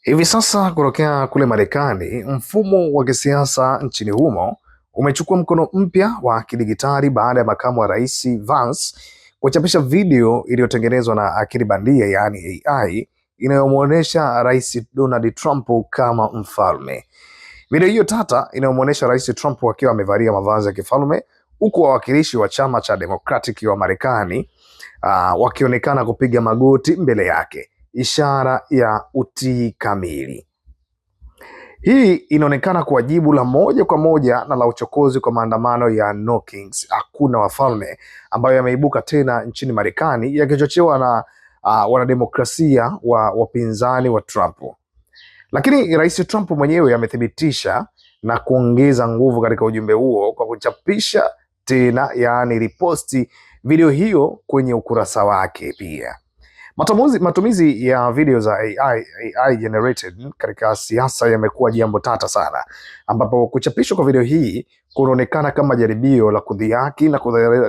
Hivi sasa kutokea kule Marekani, mfumo wa kisiasa nchini humo umechukua mkono mpya wa kidigitali baada ya makamu wa rais Vance kuchapisha video iliyotengenezwa na akili bandia, yaani AI, inayomwonyesha rais Donald Trump kama mfalme. Video hiyo tata inayomwonyesha rais Trump akiwa amevalia mavazi ya kifalme huku wawakilishi wa chama cha Democratic wa Marekani uh, wakionekana kupiga magoti mbele yake ishara ya utii kamili. Hii inaonekana kuwa jibu la moja kwa moja na la uchokozi kwa maandamano ya No Kings hakuna wafalme ambayo yameibuka tena nchini Marekani yakichochewa na uh, wanademokrasia wa wapinzani wa Trump. Lakini Rais Trump mwenyewe amethibitisha na kuongeza nguvu katika ujumbe huo kwa kuchapisha tena, yaani riposti video hiyo kwenye ukurasa wake pia. Matumizi, matumizi ya video za AI, AI generated katika siasa yamekuwa jambo tata sana, ambapo kuchapishwa kwa video hii kunaonekana kama jaribio la kudhihaki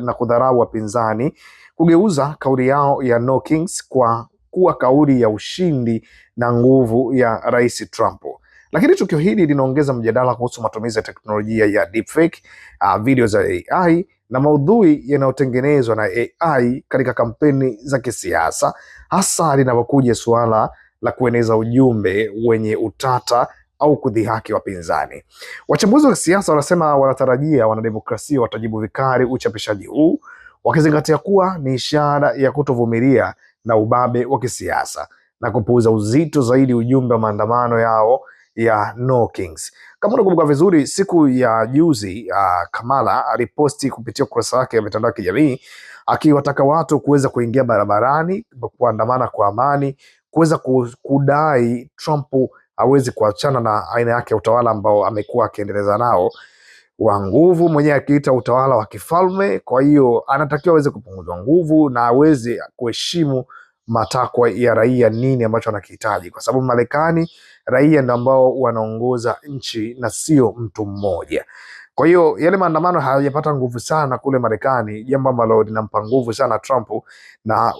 na kudharau wapinzani, kugeuza kauli yao ya no kings kwa kuwa kauli ya ushindi na nguvu ya Rais Trump. Lakini tukio hili linaongeza mjadala kuhusu matumizi ya teknolojia ya deepfake, uh, video za AI na maudhui yanayotengenezwa na AI katika kampeni za kisiasa, hasa linapokuja suala la kueneza ujumbe wenye utata au kudhihaki wapinzani. Wachambuzi wa siasa wanasema wanatarajia wanademokrasia watajibu vikali uchapishaji huu, wakizingatia kuwa ni ishara ya kutovumilia na ubabe wa kisiasa na kupuuza uzito zaidi ujumbe wa maandamano yao ya No Kings. Kama unakumbuka vizuri, siku ya juzi uh, Kamala aliposti kupitia ukurasa wake ya mitandao ya kijamii akiwataka watu kuweza kuingia barabarani kuandamana kwa amani kuweza kudai Trump awezi kuachana na aina yake ya utawala ambao amekuwa akiendeleza nao wa nguvu, mwenyewe akiita utawala wa kifalme. Kwa hiyo anatakiwa aweze kupunguzwa nguvu na aweze kuheshimu matakwa ya raia, nini ambacho anakihitaji, kwa sababu Marekani raia ndio ambao wanaongoza nchi na sio mtu mmoja. Kwa hiyo yale maandamano hayajapata nguvu sana kule Marekani, jambo ambalo linampa nguvu sana Trump na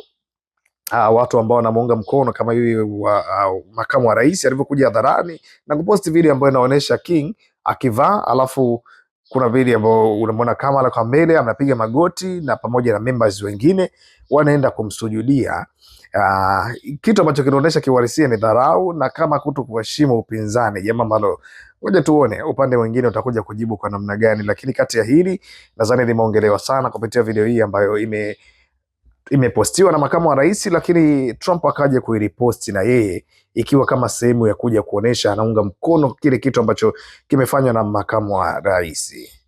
Uh, watu ambao wanamuunga mkono kama yule wa uh, makamu wa rais alivyokuja hadharani na kuposti video ambayo inaonyesha King akivaa alafu kuna video ambayo unamwona Kamala kwa mbele anapiga magoti na pamoja na members wengine wanaenda kumsujudia. Uh, kitu ambacho kinaonyesha kiwarisia ni dharau na kama kuto kuheshimu upinzani, jambo ambalo ngoja tuone upande mwingine utakuja kujibu kwa namna gani, lakini kati ya hili nadhani limeongelewa sana kupitia video hii ambayo ime imepostiwa na makamu wa rais, lakini Trump akaja kuiriposti na yeye ikiwa kama sehemu ya kuja kuonesha anaunga mkono kile kitu ambacho kimefanywa na makamu wa rais.